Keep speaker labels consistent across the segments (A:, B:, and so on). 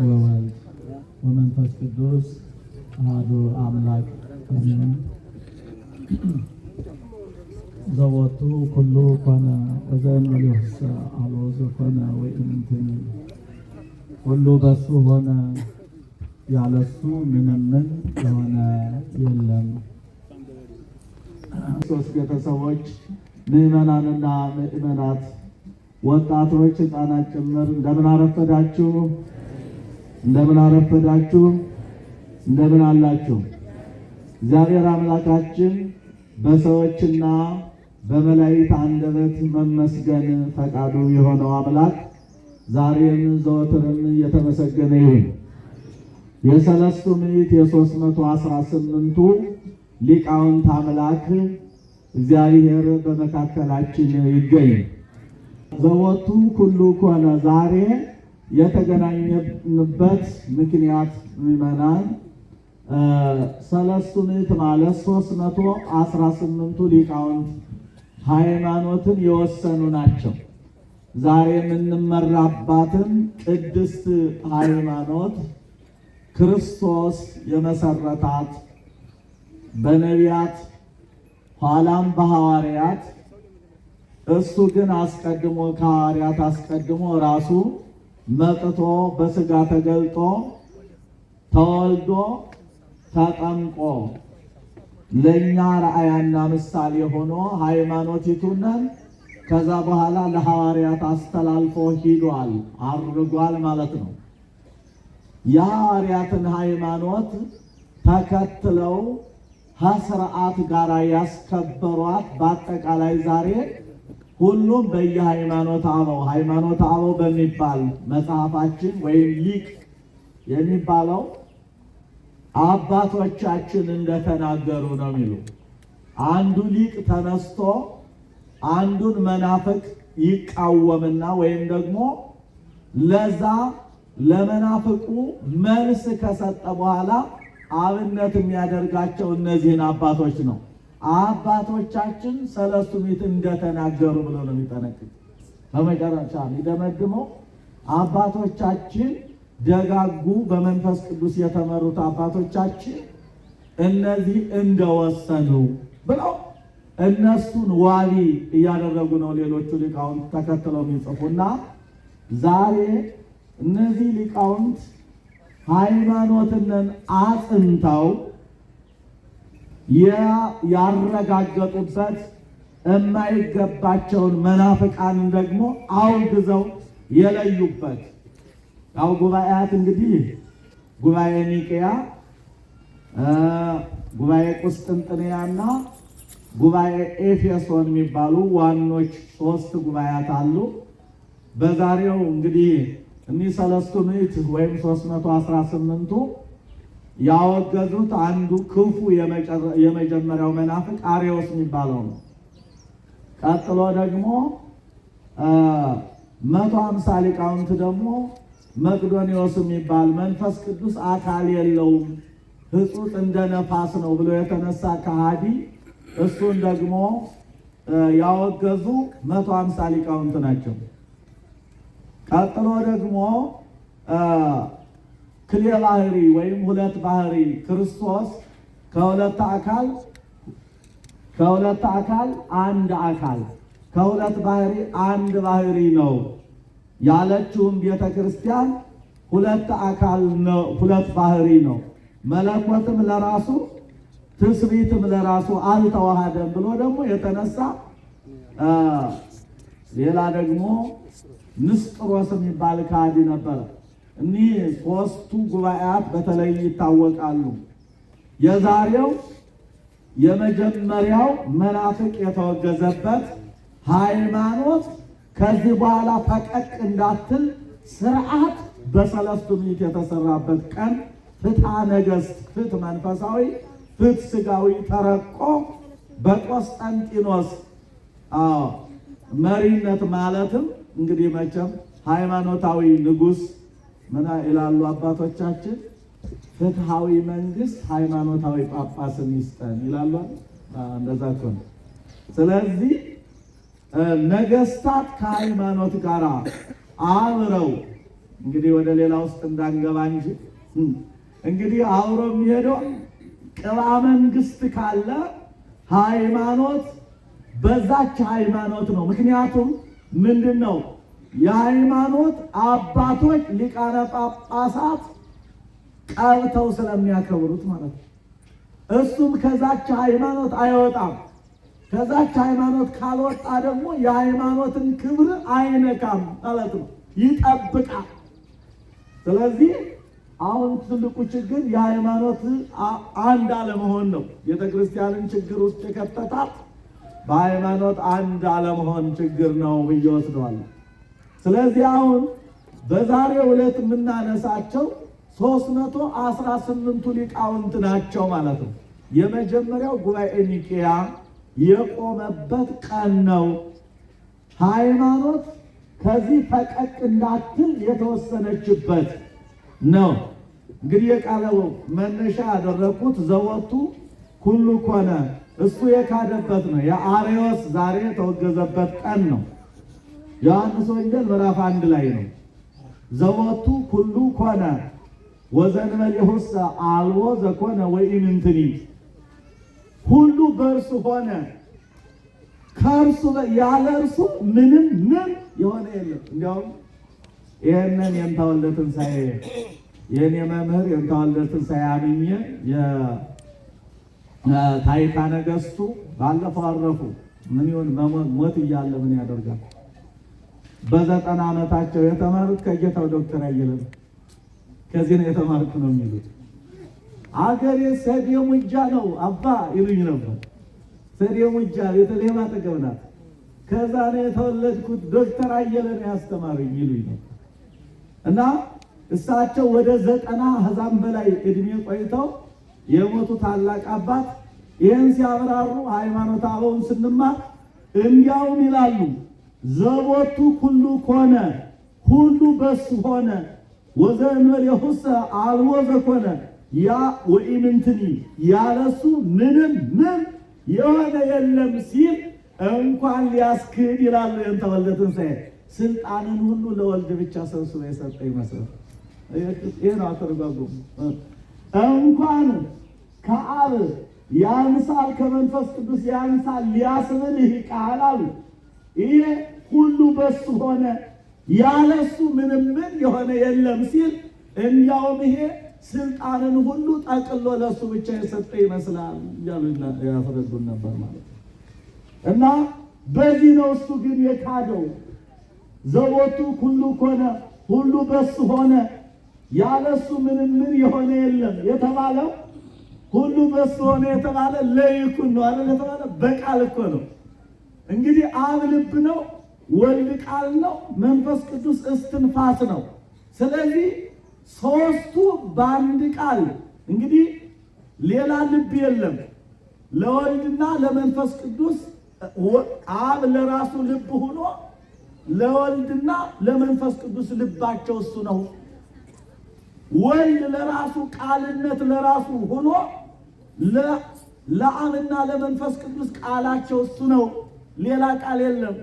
A: ወወልድ ወመንፈስ ቅዱስ አሐዱ አምላክ አሜን። ዘወቱ ኩሉ ኮነ ወዘእንበሌሰ አልቦ ዘኮነ ወእንትኒ ሁሉ በሱ ሆነ ያለሱ ምንምን የሆነ የለም። ሶስት ቤተሰቦች ምዕመናንና ምዕመናት፣ ወጣቶች፣ ህፃናት ጭምር እንደምን አረፈዳችሁ? እንደምን አረፈዳችሁ፣ እንደምን አላችሁ። እግዚአብሔር አምላካችን በሰዎችና በመላእክት አንደበት መመስገን ፈቃዱ የሆነው አምላክ ዛሬም ዘወትርም የተመሰገነ ይሁን። የሰለስቱ ምዕት የሦስት መቶ አስራ ስምንቱ ሊቃውንት አምላክ እግዚአብሔር በመካከላችን ይገኝ። ዘወቱ ሁሉ ኮነ ዛሬ የተገናኘንበት ምክንያት ምዕመናን ሰለስቱ ምዕት ማለት ሶስት መቶ አስራ ስምንቱ ሊቃውንት ሃይማኖትን የወሰኑ ናቸው። ዛሬ የምንመራባትን ቅድስት ሃይማኖት ክርስቶስ የመሰረታት በነቢያት ኋላም በሐዋርያት እሱ ግን አስቀድሞ ከሐዋርያት አስቀድሞ ራሱ መጥቶ በስጋ ተገልጦ ተወልዶ ተጠምቆ ለእኛ ረአያና ምሳሌ ሆኖ ሃይማኖቲቱነን ከዛ በኋላ ለሐዋርያት አስተላልፎ ሂዷል፣ አድርጓል ማለት ነው። የሐዋርያትን ሃይማኖት ተከትለው ከስርዓት ጋር ያስከበሯት በአጠቃላይ ዛሬ ሁሉም በየሃይማኖት አበው ሃይማኖት አበው በሚባል መጽሐፋችን ወይም ሊቅ የሚባለው አባቶቻችን እንደተናገሩ ነው የሚሉ አንዱ ሊቅ ተነስቶ አንዱን መናፍቅ ይቃወምና ወይም ደግሞ ለዛ ለመናፍቁ መልስ ከሰጠ በኋላ አብነት የሚያደርጋቸው እነዚህን አባቶች ነው። አባቶቻችን ሰለስቱ ምዕት እንደተናገሩ ብሎ ነው የሚጠነቅቅ። በመጨረሻ የሚደመድመው አባቶቻችን ደጋጉ በመንፈስ ቅዱስ የተመሩት አባቶቻችን እነዚህ እንደወሰኑ ብለው እነሱን ዋቢ እያደረጉ ነው ሌሎቹ ሊቃውንት ተከትለው የሚጽፉና ዛሬ እነዚህ ሊቃውንት ሃይማኖትን አጽንተው ያረጋገጡበት የማይገባቸውን መናፍቃን ደግሞ አውግዘው የለዩበት ያው ጉባኤያት እንግዲህ ጉባኤ ኒቅያ፣ ጉባኤ ቁስጥንጥንያና ጉባኤ ኤፌሶን የሚባሉ ዋኖች ሶስት ጉባኤያት አሉ። በዛሬው እንግዲህ እኒህ ሰለስቱ ምዕት ወይም 318ቱ ያወገዙት አንዱ ክፉ የመጀመሪያው መናፍቅ አሬዎስ የሚባለው ነው። ቀጥሎ ደግሞ መቶ አምሳ ሊቃውንት ደግሞ መቅዶኒዎስ የሚባል መንፈስ ቅዱስ አካል የለውም ሕጹጽ እንደ ነፋስ ነው ብሎ የተነሳ ከሃዲ እሱን ደግሞ ያወገዙ መቶ አምሳ ሊቃውንት ናቸው። ቀጥሎ ደግሞ ክሌ ባህሪ ወይም ሁለት ባህሪ ክርስቶስ ከሁለት አካል ከሁለት አካል አንድ አካል ከሁለት ባህሪ አንድ ባህሪ ነው ያለችውም ቤተ ክርስቲያን ሁለት አካል ነው፣ ሁለት ባህሪ ነው። መለኮትም ለራሱ ትስቢትም ለራሱ አልተዋሃደም ብሎ ደግሞ የተነሳ ሌላ ደግሞ ንስጥሮስ የሚባል ከሃዲ ነበረ። እኒህ ሶስቱ ጉባኤያት በተለይ ይታወቃሉ። የዛሬው የመጀመሪያው መናፍቅ የተወገዘበት ሃይማኖት ከዚህ በኋላ ፈቀቅ እንዳትል ስርዓት በሰለስቱ ምዕት የተሰራበት ቀን ፍትሐ ነገሥት ፍትሕ መንፈሳዊ ፍትሕ ስጋዊ ተረቆ በቆስጠንጢኖስ መሪነት ማለትም እንግዲህ መቼም ሃይማኖታዊ ንጉሥ ምን ይላሉ አባቶቻችን? ፍትሃዊ መንግስት ሃይማኖታዊ ጳጳስን ይስጠን ይላሉ። እንደዛ ነው። ስለዚህ ነገስታት ከሃይማኖት ጋር አብረው እንግዲህ ወደ ሌላ ውስጥ እንዳንገባ እንጂ እንግዲህ አብሮ የሚሄደው ቅባ መንግስት ካለ ሃይማኖት በዛች ሃይማኖት ነው። ምክንያቱም ምንድን ነው የሃይማኖት አባቶች ሊቃነ ጳጳሳት ቀብተው ስለሚያከብሩት ማለት ነው። እሱም ከዛች ሃይማኖት አይወጣም። ከዛች ሃይማኖት ካልወጣ ደግሞ የሃይማኖትን ክብር አይነካም ማለት ነው፣ ይጠብቃል። ስለዚህ አሁን ትልቁ ችግር የሃይማኖት አንድ አለመሆን ነው። ቤተክርስቲያንን ችግር ውስጥ የከተታት በሃይማኖት አንድ አለመሆን ችግር ነው ብዬ ወስደዋለሁ። ስለዚህ አሁን በዛሬው ዕለት የምናነሳቸው ሶስት መቶ አስራ ስምንቱ ሊቃውንት ናቸው ማለት ነው። የመጀመሪያው ጉባኤ ኒቅያ የቆመበት ቀን ነው። ሃይማኖት ከዚህ ፈቀቅ እንዳትል የተወሰነችበት ነው። እንግዲህ የቃለው መነሻ ያደረግኩት ዘወቱ ሁሉ ኮነ እሱ የካደበት ነው። የአሬዎስ ዛሬ የተወገዘበት ቀን ነው። ዮሐንስ ወንጌል ምዕራፍ አንድ ላይ ነው። ዘወቱ ሁሉ ኮነ ወዘንበሌሁሰ አልቦ ዘኮነ ወኢምንትኒ ሁሉ በእርሱ ሆነ፣ ከእርሱ ያለ እርሱ ምንም ምን የሆነ የለም። እንዲያውም ይህንን የእንተወልደ ትንሣኤ የእኔ መምህር የእንተወልደ ትንሣኤ አምኜ የታሪካ ነገሥቱ ባለፈው አረፉ። ምን ይሁን ሞት እያለ ምን ያደርጋል? በዘጠና ዓመታቸው የተማሩት ከጌታው ዶክተር አየለም ከዚህ ነው የተማሩት ነው የሚሉት። አገሬ ሰዴ ሙጃ ነው አባ ይሉኝ ነበር። ሰዴ ሙጃ ቤተልሔም አጠገብ ናት። ከዛ ነው የተወለድኩት። ዶክተር አየለ ነው ያስተማሩኝ ይሉኝ ነው እና እሳቸው ወደ ዘጠና ህዛም በላይ እድሜ ቆይተው የሞቱ ታላቅ አባት ይህን ሲያብራሩ ሃይማኖት አበውን ስንማር እንዲያውም ይላሉ ዘቦቱ ኩሉ ኮነ ሁሉ በስ ሆነ ወዘእንበሌሁሰ አልቦ ዘኮነ ያ ወኢምንትኒ ያለሱ ምንም ምን የሆነ የለም ሲል እንኳን ሊያስክድ ይላሉ። የንተወልደ ትንሣኤ ስልጣንን ሁሉ ለወልድ ብቻ ሰብስበ የሰጠ ይመስላል። ይህ ነው አተረጓጎሙ። እንኳን ከአብ ያንሳል ከመንፈስ ቅዱስ ያንሳል ሊያስብል ይህ ቃል አሉ ይሄ ሁሉ በሱ ሆነ፣ ያለሱ ምንም ምን የሆነ የለም ሲል እንዲያውም ይሄ ስልጣንን ሁሉ ጠቅሎ ለሱ ብቻ የሰጠ ይመስላል እያሉ ያስረዱን ነበር ማለት ነው። እና በዚህ ነው እሱ ግን የካደው። ዘቦቱ ሁሉ ኮነ፣ ሁሉ በሱ ሆነ፣ ያለሱ ምንም ምን የሆነ የለም የተባለው ሁሉ በሱ ሆነ የተባለ ለይኩን ነው አለ የተባለ በቃል እኮ ነው። እንግዲህ አብ ልብ ነው ወልድ ቃል ነው፣ መንፈስ ቅዱስ እስትንፋስ ነው። ስለዚህ ሶስቱ በአንድ ቃል እንግዲህ ሌላ ልብ የለም። ለወልድና ለመንፈስ ቅዱስ አብ ለራሱ ልብ ሆኖ ለወልድና ለመንፈስ ቅዱስ ልባቸው እሱ ነው። ወልድ ለራሱ ቃልነት ለራሱ ሆኖ ለአብና ለመንፈስ ቅዱስ ቃላቸው እሱ ነው። ሌላ ቃል የለም።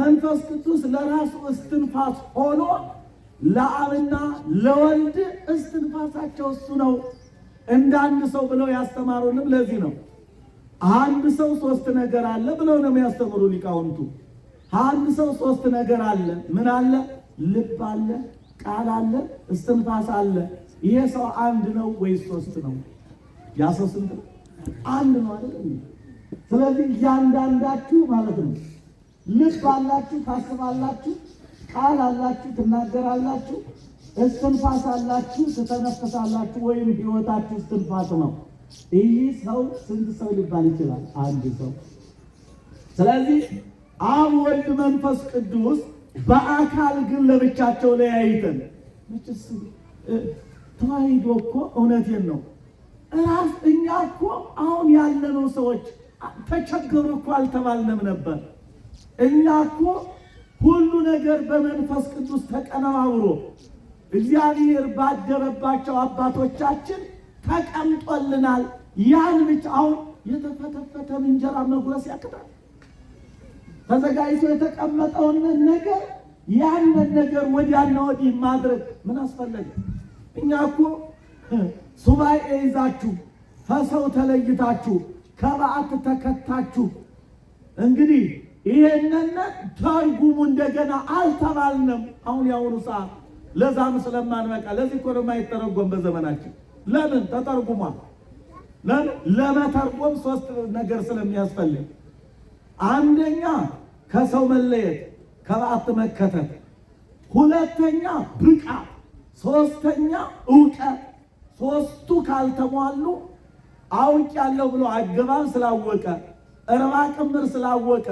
A: መንፈስ ቅዱስ ለራሱ እስትንፋስ ሆኖ ለአብና ለወልድ እስትንፋሳቸው እሱ ነው። እንደ አንድ ሰው ብለው ያስተማሩንም ለዚህ ነው። አንድ ሰው ሶስት ነገር አለ ብለው ነው የሚያስተምሩ ሊቃውንቱ። አንድ ሰው ሶስት ነገር አለ። ምን አለ? ልብ አለ፣ ቃል አለ፣ እስትንፋስ አለ። ይሄ ሰው አንድ ነው ወይስ ሶስት ነው? ያ ሰው ስንት ነው? አንድ ነው አይደል? ስለዚህ እያንዳንዳችሁ ማለት ነው ልብ አላችሁ፣ ታስባላችሁ፣ ቃል አላችሁ፣ ትናገራላችሁ፣ እስትንፋስ አላችሁ፣ ትተነፍሳላችሁ። ወይም ህይወታችሁ እስትንፋስ ነው። ይህ ሰው ስንት ሰው ሊባል ይችላል? አንድ ሰው። ስለዚህ አብ፣ ወልድ፣ መንፈስ ቅዱስ በአካል ግን ለብቻቸው ለያይተን ተዋሂዶ እኮ እውነቴን ነው። ራስ እኛ እኮ አሁን ያለነው ሰዎች ተቸገሩ እኮ አልተባልንም ነበር እኛ እኮ ሁሉ ነገር በመንፈስ ቅዱስ ተቀነባብሮ እግዚአብሔር ባደረባቸው አባቶቻችን ተቀምጦልናል። ያን ብቻ አሁን የተፈተፈተ እንጀራ መጉረስ ያቅታል። ተዘጋጅቶ የተቀመጠውን ነገር ያንን ነገር ወዲያና ወዲህ ማድረግ ምን አስፈለገ? እኛ እኮ ሱባኤ ይዛችሁ ከሰው ተለይታችሁ ከበዓት ተከታችሁ እንግዲህ ይህንን ተርጉሙ እንደገና አልተባልንም። አሁን የአሁኑ ሰዓት ለዛም ስለማንበቃ ለዚህ እኮ ነው የማይተረጎም በዘመናችን። ለምን ተተርጉሟል? ለመተርጎም ሶስት ነገር ስለሚያስፈልግ፣ አንደኛ ከሰው መለየት፣ ከበዓት መከተል፣ ሁለተኛ ብቃ ሶስተኛ እውቀት። ሶስቱ ካልተሟሉ አውቅ ያለው ብሎ አገባብ ስላወቀ እርባ ቅምር ስላወቀ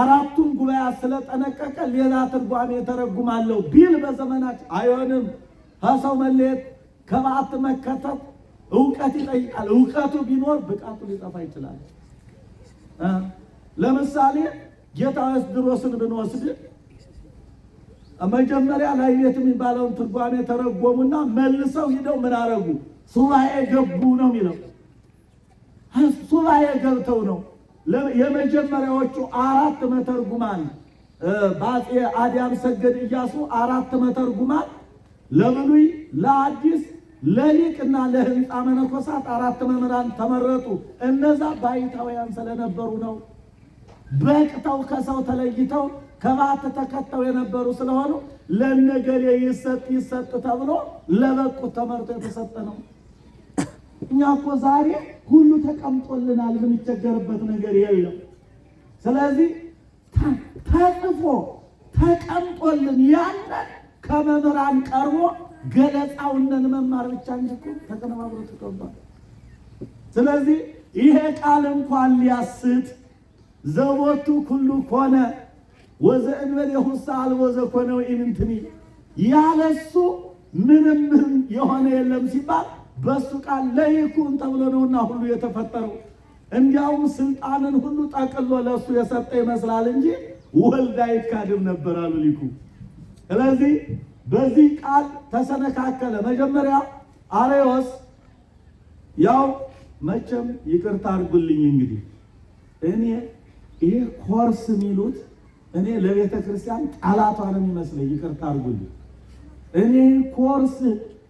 A: አራቱን ጉባኤ ስለጠነቀቀ ሌላ ትርጓሜ ተረጉማለሁ ቢል በዘመናች አይሆንም። ከሰው መለየት፣ ከበዓት መከተት እውቀት ይጠይቃል። እውቀቱ ቢኖር ብቃቱ ሊጠፋ ይችላል። ለምሳሌ ጌታ ድሮስን ብንወስድ መጀመሪያ ላይ ቤት የሚባለውን ትርጓሜ ተረጎሙና መልሰው ሂደው ምን አረጉ? ሱባኤ ገቡ ነው የሚለው ሱባኤ ገብተው ነው የመጀመሪያዎቹ አራት መተርጉማን በአፄ አዲያም ሰገድ እያሱ አራት መተርጉማን ለብሉይ ለአዲስ ለሊቅና ለህንፃ መነኮሳት አራት መምህራን ተመረጡ። እነዛ ባይታውያን ስለነበሩ ነው። በቅተው ከሰው ተለይተው ከባት ተከተው የነበሩ ስለሆኑ ለነገሌ ይሰጥ ይሰጥ ተብሎ ለበቁት ተመርጦ የተሰጠ ነው። እኛ እኮ ዛሬ ሁሉ ተቀምጦልናል፣ የምንቸገርበት ነገር የለም። ስለዚህ ተጽፎ ተቀምጦልን ያለን ከመምህራን ቀርቦ ገለጻውነን መማር ብቻ እንጂ እኮ ተቀነባብሮ ተቀምጧል። ስለዚህ ይሄ ቃል እንኳን ሊያስት ዘቦቱ ሁሉ ኮነ ወዘእንበሌሁ ሰአል ወዘኮነ ወኢምንትኒ ያለሱ ምንም የሆነ የለም ሲባል በሱ ቃል ለይኩን ተብሎ ነውና ሁሉ የተፈጠረው። እንዲያውም ስልጣንን ሁሉ ጠቅሎ ለእሱ የሰጠ ይመስላል እንጂ ወልድ አይካድም ነበር አሉ ሊኩ። ስለዚህ በዚህ ቃል ተሰነካከለ። መጀመሪያ አሬዎስ ያው መቼም ይቅርታ አድርጉልኝ እንግዲህ እኔ ይሄ ኮርስ የሚሉት እኔ ለቤተ ክርስቲያን ጠላቷ ነው የሚመስለኝ። ይቅርታ አድርጉልኝ እኔ ኮርስ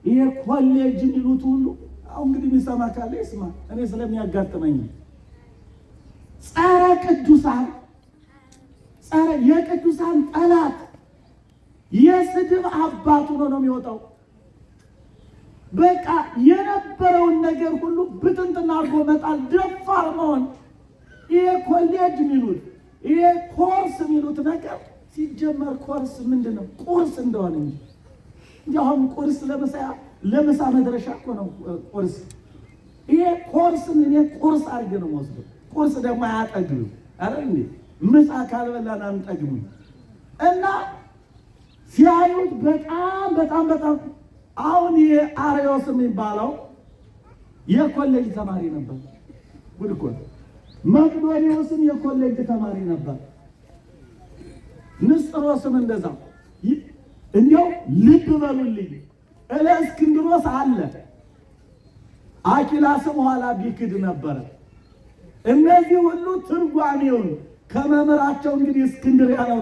A: ይሄ ኮሌጅ የሚሉት ሁሉ አሁን እንግዲህ የሚሰማ ካለ ይስማ። እኔ ስለሚያጋጥመኝ ጸረ ቅዱሳን ጸረ የቅዱሳን ጠላት የስድብ አባት ነው ነው የሚወጣው። በቃ የነበረውን ነገር ሁሉ ብጥንጥና አድርጎ መጣል፣ ደፋር መሆን። ይሄ ኮሌጅ የሚሉት ይሄ ኮርስ የሚሉት ነገር ሲጀመር ኮርስ ምንድን ነው? ቁርስ እንደሆነ እንጂ እንዲሁም ቁርስ ለምሳ ለምሳ መድረሻ እኮ ነው። ቁርስ ይሄ ቁርስን እኔ ቁርስ አድርጌ ነው የምወስደው። ቁርስ ደግሞ አያጠግብም። አረ እንዴ ምሳ ካልበላን አንጠግብም። እና ሲያዩት በጣም በጣም በጣም አሁን ይሄ አሪዮስ የሚባለው የኮሌጅ ተማሪ ነበር። ጉድ እኮ መቅዶኒዎስም የኮሌጅ ተማሪ ነበር። ንስጥሮስም እንደዛ እንዲያው ልብ በሉልኝ። እለ እስክንድሮስ አለ አኪላስ በኋላ ቢክድ ነበረ። እነዚህ ሁሉ ትርጓሜውን ከመምህራቸው እንግዲህ እስክንድሪያ ነው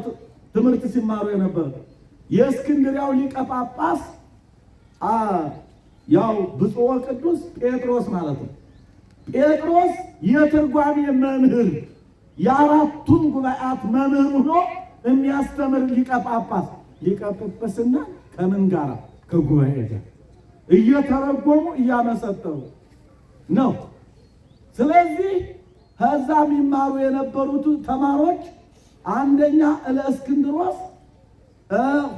A: ትምህርት ሲማሩ የነበረ የእስክንድሪያው ሊቀ ጳጳስ ያው ብፁዕ ቅዱስ ጴጥሮስ ማለት ነው። ጴጥሮስ የትርጓሜ መምህር የአራቱም ጉባኤያት መምህር ሆኖ የሚያስተምር ሊቀ ጳጳስ ሊቀ ጵጵስና ከምን ጋር ከጉባኤ ጋር እየተረጎሙ እያመሰጠሩ ነው። ስለዚህ ከዛ የሚማሩ የነበሩት ተማሪዎች አንደኛ እለእስክንድሮስ፣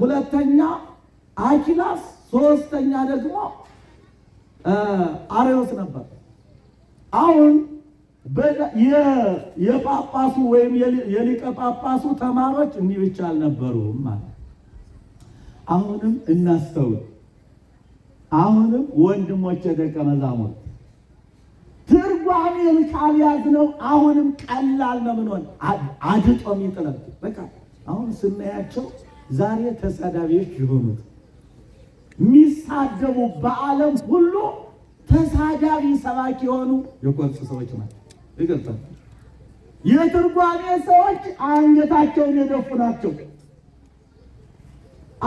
A: ሁለተኛ አኪላስ፣ ሶስተኛ ደግሞ አሬዎስ ነበር። አሁን የጳጳሱ ወይም የሊቀ ጳጳሱ ተማሪዎች እኒህ ብቻ አልነበሩም ማለት አሁንም እናስተውል። አሁንም ወንድሞቼ ደቀ መዛሙርት ትርጓሜን ካልያዝነው አሁንም ቀላል ነው። ምንሆን ሆነ አድጦ የሚጥለን በቃ አሁን ስናያቸው ዛሬ ተሳዳቢዎች የሆኑት የሚሳደቡ በዓለም ሁሉ ተሳዳቢ ሰባኪ የሆኑ የኮንስ ሰዎች ናቸው። ይገልጣል። የትርጓሜ ሰዎች አንገታቸውን የደፉ ናቸው።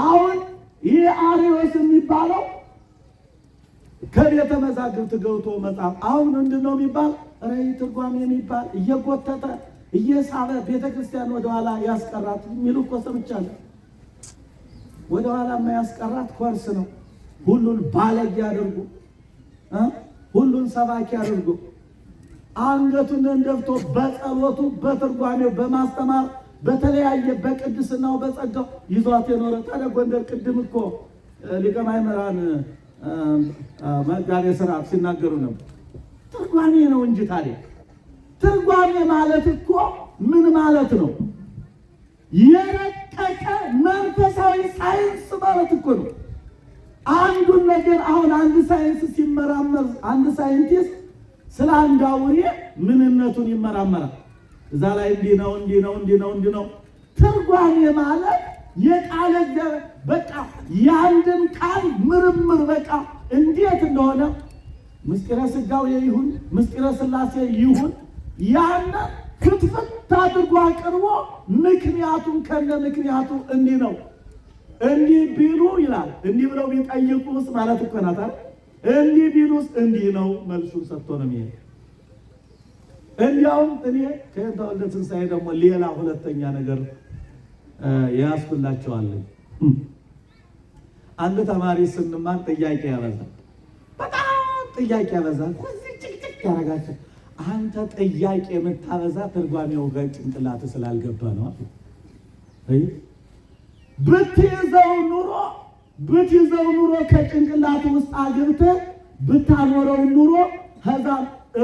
A: አሁን ይህ አሪዎስ የሚባለው ከቤተ መዛግብት ገብቶ መጽሐፍ አሁን ምንድን ነው የሚባል ራዕይ ትርጓሜ የሚባል እየጎተተ እየሳበ ቤተ ክርስቲያን ወደኋላ ያስቀራት የሚሉ እኮ ሰምቻለሁ። ወደኋላ የማያስቀራት ኮርስ ነው። ሁሉን ባለጌ አድርጎ ሁሉን ሰባኪ አድርጎ አንገቱን ደፍቶ በጸሎቱ በትርጓሜው በማስተማር በተለያየ በቅድስናው በጸጋው ይዟት የኖረ ታዲያ ጎንደር ቅድም እኮ ሊቀ ማእምራን መጋቤ ሥርዓት ሲናገሩ ነው ትርጓሜ ነው እንጂ ታዲያ ትርጓሜ ማለት እኮ ምን ማለት ነው? የረቀቀ መንፈሳዊ ሳይንስ ማለት እኮ ነው። አንዱን ነገር አሁን አንድ ሳይንስ ሲመራመር አንድ ሳይንቲስት ስለ አንድ አውሬ ምንነቱን ይመራመራል። እዛ ላይ እንዲህ ነው እንዲህ ነው እንዲህ ነው እንዲህ ነው። ትርጓሜ ማለት የቃለ በቃ የአንድን ቃል ምርምር በቃ እንዴት እንደሆነ ምስጢረ ስጋው ይሁን ምስጢረ ስላሴ ይሁን ያነ ክትፍት አድርጎ አቅርቦ ምክንያቱም ከነ ምክንያቱ እንዲህ ነው እንዲህ ቢሉ ይላል። እንዲህ ብለው ውስጥ ማለት እኮ ናት። እንዲህ ውስጥ እንዲህ ነው መልሱን ሰጥቶ ነው የሚሄድ እንዲያውም እኔ ለትንሣኤ ደግሞ ሌላ ሁለተኛ ነገር ያስፍላቸዋለኝ። አንድ ተማሪ ስንማር ጥያቄ ያበዛል፣ በጣም ጥያቄ ያበዛል። እዚህ ጭቅጭቅ ያደርጋቸው። አንተ ጥያቄ የምታበዛ ትርጓሜው ጭንቅላት ስላልገባ ነው። ብትይዘው ኑሮ ብትይዘው ኑሮ ከጭንቅላት ውስጥ አግብተህ ብታኖረው ኑሮ ከዛ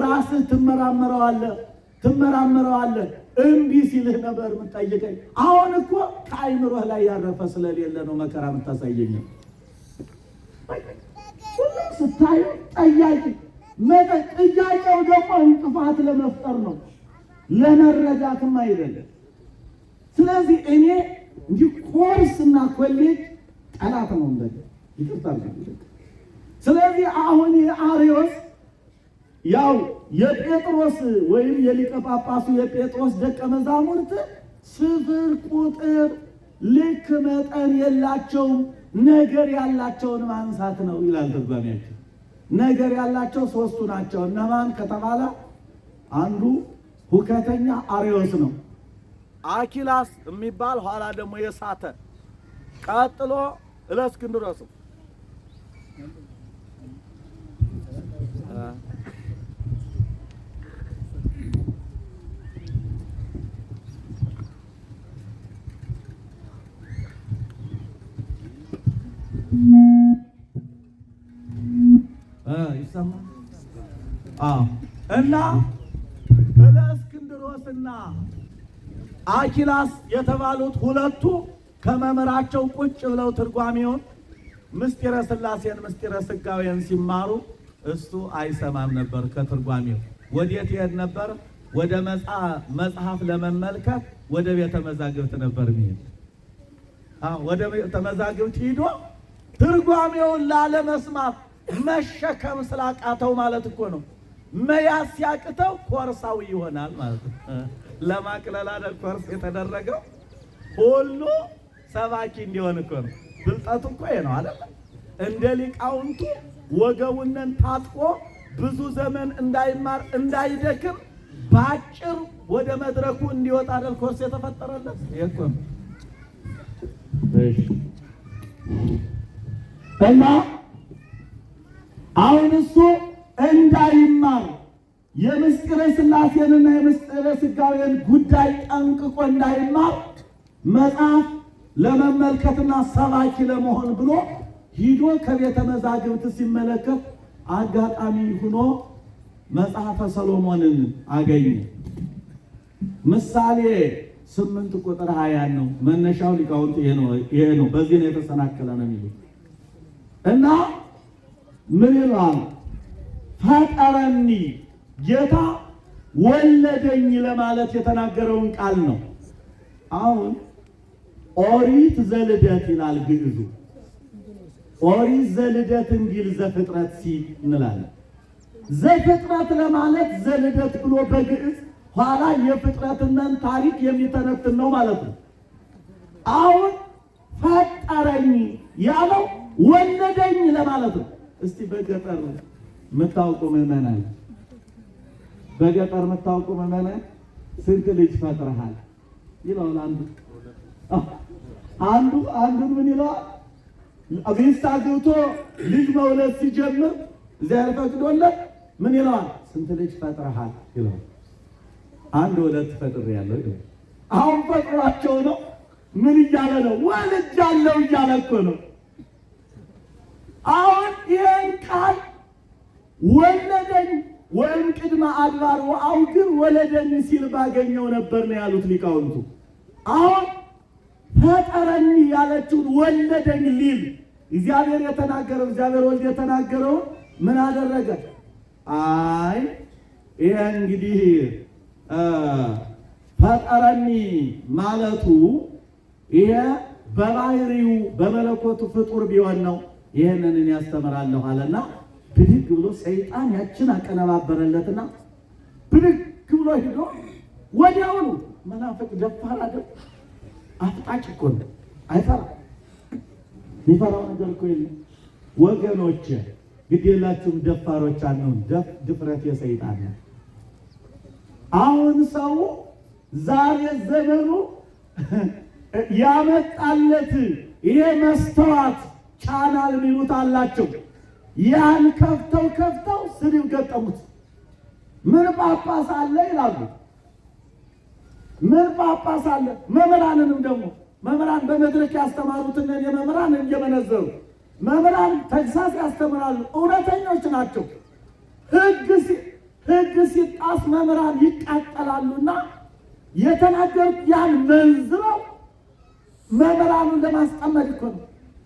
A: ራስህ ትመራመረዋለህ ትመራመረዋለህ እምቢ ሲልህ ነበር የምትጠይቀኝ። አሁን እኮ ከአይምሮህ ላይ ያረፈ ስለሌለ ነው መከራ የምታሳየኝ። ሁሉም ስታዩ ጠያቂ፣ ጥያቄው ደግሞ እንቅፋት ለመፍጠር ነው ለመረዳትም አይደለም። ስለዚህ እኔ እንዲህ ኮርስ እና ኮሌጅ ጠላት ነው እንደ ይቅርታ። ስለዚህ አሁን የአሪዮስ ያው የጴጥሮስ ወይም የሊቀ ጳጳሱ የጴጥሮስ ደቀ መዛሙርት ስፍር ቁጥር ልክ መጠን የላቸውም። ነገር ያላቸውን ማንሳት ነው ይላል ትርጓሜያችን። ነገር ያላቸው ሶስቱ ናቸው። እነማን ከተባለ አንዱ ሁከተኛ አርዮስ ነው። አኪላስ የሚባል ኋላ ደግሞ የሳተ ቀጥሎ እለእስክንድሮስ ይሰማል። እና እለእስክንድሮስና አኪላስ የተባሉት ሁለቱ ከመምህራቸው ቁጭ ብለው ትርጓሜውን ምስጢረ ሥላሴን ምስጢረ ሥጋዌን ሲማሩ እሱ አይሰማም ነበር። ከትርጓሜው ወዴት ይሄድ ነበር? ወደ መጽሐፍ ለመመልከት ወደ ቤተ መዛግብት ነበር የሚሄድ። ወደ ቤተ መዛግብት ሂዶ ትርጓሜውን ላለመስማት መሸከም ስላቃተው ማለት እኮ ነው። መያዝ ሲያቅተው ኮርሳዊ ይሆናል ማለት ነው። ለማቅለል አይደል ኮርስ የተደረገው ሁሉ ሰባኪ እንዲሆን እኮ ነው። ብልጠቱ እኮ ነው አለ እንደ ሊቃውንቱ ወገቡንን ታጥቆ ብዙ ዘመን እንዳይማር እንዳይደክም በአጭር ወደ መድረኩ እንዲወጣ አይደል ኮርስ የተፈጠረለት። እና አሁን እሱ እንዳይማር የምስጢረ ስላሴንና የምስጢረ ሥጋዌን ጉዳይ ጠንቅቆ እንዳይማር መጽሐፍ ለመመልከትና ሰባኪ ለመሆን ብሎ ሂዶ ከቤተ መዛግብት ሲመለከት አጋጣሚ ሆኖ መጽሐፈ ሰሎሞንን አገኘ። ምሳሌ ስምንት ቁጥር ሀያ ነው መነሻው። ሊቃውንት ይሄ ነው፣ በዚህ ነው የተሰናከለ ነው የሚሉት እና ምን ይላል? ፈጠረኒ ጌታ ወለደኝ ለማለት የተናገረውን ቃል ነው። አሁን ኦሪት ዘልደት ይላል ግዕዙ። ኦሪት ዘልደት እንዲል ዘፍጥረት ሲል እንላለን። ዘፍጥረት ለማለት ዘልደት ብሎ በግዕዝ ኋላ የፍጥረትነን ታሪክ የሚተነትን ነው ማለት ነው። አሁን ፈጠረኝ ያለው ወለደኝ ለማለት ነው። እስቲ በገጠር የምታውቁ ምዕመናን፣ በገጠር የምታውቁ ምዕመናን ስንት ልጅ ፈጥረሃል ይለዋል አንዱ አንዱ አንዱን ምን ይለዋል? ሚስት አግብቶ ልጅ መውለድ ሲጀምር እግዚአብሔር ፈቅዶለት ምን ይለዋል? ስንት ልጅ ፈጥረሃል ይለዋል። አንድ ሁለት ፈጥሬያለሁ ይለዋል። አሁን ፈጥሯቸው ነው ምን እያለ ነው? ወልጃለሁ እያለ እኮ ነው አሁን ይህን ቃል ወለደኝ ወይም ቅድመ አድባር ወአውግር ወለደኝ ሲል ባገኘው ነበር ነው ያሉት ሊቃውንቱ። አሁን ፈጠረኝ ያለችውን ወለደኝ ሊል እግዚአብሔር የተናገረው እግዚአብሔር ወልድ የተናገረው ምን አደረገ? አይ ይሄ እንግዲህ ፈጠረኒ ማለቱ ይሄ በባህሪው በመለኮቱ ፍጡር ቢሆን ነው ይህንን ያስተምራለሁ አለና ብድግ ብሎ ሰይጣን ያችን አቀነባበረለትና ብድግ ብሎ ሂዶ ወዲያውኑ መናፍቅ ደፋር አይደል? አፍጣጭ እኮ ነው። አይፈራ የሚፈራው ነገር እኮ የለም። ወገኖች ግዴላችሁም ደፋሮች አንሁን። ድፍረት የሰይጣን ነው። አሁን ሰው ዛሬ ዘመኑ ያመጣለት ይሄ መስተዋት ቻናል የሚሉት አላቸው። ያን ከፍተው ከፍተው ስድብ ገጠሙት። ምን ጳጳስ አለ ይላሉ። ምን ጳጳስ አለ። መምህራንንም ደግሞ መምህራን በመድረክ ያስተማሩትን የመምህራን እየመነዘሩ መምህራን ተግሳጽ ያስተምራሉ። እውነተኞች ናቸው። ህግ ሲጣስ መምህራን ይቃጠላሉና የተናገሩት ያን መንዝረው መምህራኑን ለማስጠመድ እኮ ነው።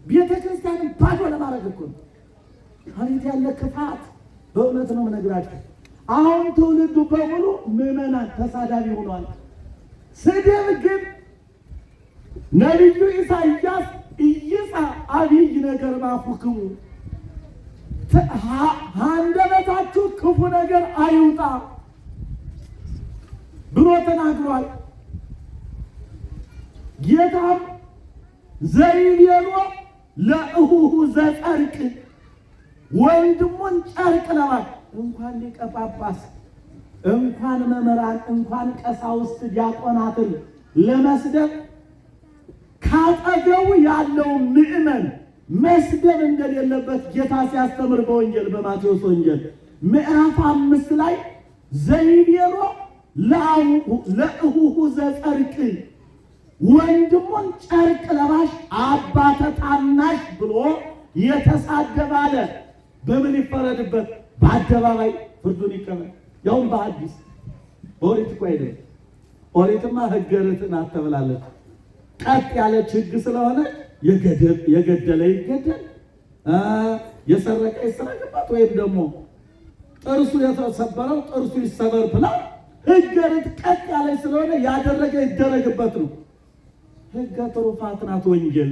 A: ቤተ ክርስቲያን ባዶ ለማድረግ እኮ ከቤት ያለ ክፋት በእውነት ነው የምነግራቸው። አሁን ትውልዱ በሙሉ ምዕመናን ተሳዳቢ ሆኗል። ስድብ ግን ነቢዩ ኢሳያስ እይፃ አብይ ነገር ማፉክሙ አንደበታችሁ ክፉ ነገር አይውጣ ብሎ ተናግሯል። ጌታም ዘይቤሎ ለእሁሁ ዘጨርቅ ወንድሙን ጨርቅ ለማ እንኳን ሊቀ ጳጳስ እንኳን መምህራን እንኳን ቀሳውስት ዲያቆናትን ለመስደብ ካጠገቡ ያለውን ምዕመን መስደብ እንደሌለበት ጌታ ሲያስተምር በወንጌል በማቴዎስ ወንጌል ምዕራፍ አምስት ላይ ዘይቤሎ ለእሁሁ ዘጨርቅ ወንድሙን ጨርቅ ለባሽ አባተ ታናሽ ብሎ የተሳደበ አለ። በምን ይፈረድበት? በአደባባይ ፍርዱን ይቀበል። ያውም በአዲስ ኦሪት እኮ አይደለም። ኦሪትማ ሕገ ርትዕን አተብላለች። ቀጥ ያለች ሕግ ስለሆነ የገደለ ይገደል፣ የሰረቀ ይሰረቅበት፣ ወይም ደግሞ ጥርሱ የተሰበረው ጥርሱ ይሰበር ብላ ሕገ ርትዕ ቀጥ ያለች ስለሆነ ያደረገ ይደረግበት ነው። ህገ ትሩፋት ናት ወንጌል።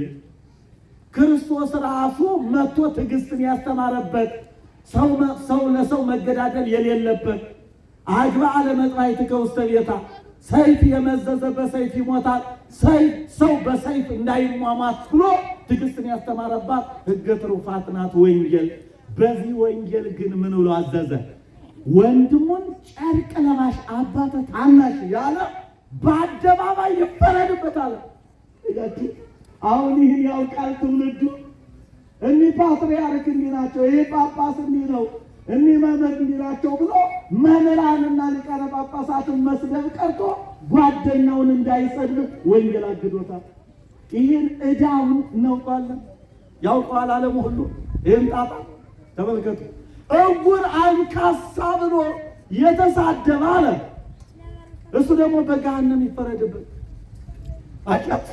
A: ክርስቶስ ራሱ መጥቶ ትዕግስትን ያስተማረበት ሰው ለሰው መገዳደል የሌለበት አግባ አለመጥባይ ትከውስተ ቤታ ሰይፍ የመዘዘ በሰይፍ ይሞታል፣ ሰይፍ ሰው በሰይፍ እንዳይሟሟት ብሎ ትዕግስትን ያስተማረባት ሕገ ትሩፋት ናት ወንጌል። በዚህ ወንጌል ግን ምን ብሎ አዘዘ? ወንድሙን ጨርቅ ለባሽ አባተ ታናሽ ያለ በአደባባይ ይፈረድበታል። የሚላችሁ አሁን ይህን ያውቃል ትውልዱ። እኒህ ፓትርያርክ እንዲህ ይህ ጳጳስ እንዲህ ነው፣ እኒህ መምህር እንዲህ ብሎ መምህራንና ሊቃነ ጳጳሳትን መስደብ ቀርቶ ጓደኛውን እንዳይሰድብ ወንጌል አግዶታል። ይህን እዳውን እናውቀዋለን፣ ያውቀዋል ዓለሙ ሁሉ። ይህን ጣጣ ተመልከቱ። እውር አንካሳ ብሎ የተሳደበ አለ እሱ ደግሞ በገሃነም ይፈረድበት። አጫት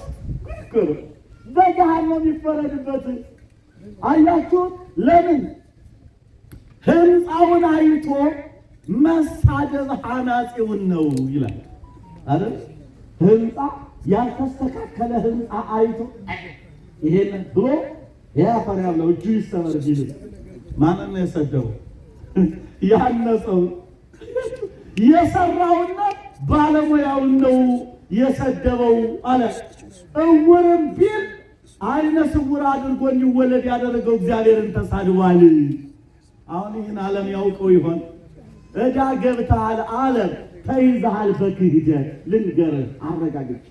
A: በገሃነም ይፈረድበት። አያችሁ ለምን ህንፃውን አይቶ መሳደብ ሐናፂውን ነው ይላል አይደል? ህንፃ ያልተስተካከለ ህንፃ አይቶ ይሄን ብሎ ያፈራለው እጁ ይሰበር ቢል ማንን ነው የሰደበው? ያነፀው የሰራውና ባለሙያውን ነው የሰደበው አለ። እውርም ቢል አይነ ስውር አድርጎ እንዲወለድ ያደረገው እግዚአብሔርን ተሳድቧል። አሁን ይህን ዓለም ያውቀው ይሆን? ዕዳ ገብተሃል፣ ዓለም ተይዘሃል በክህደት ልንገርህ፣ አረጋግጥ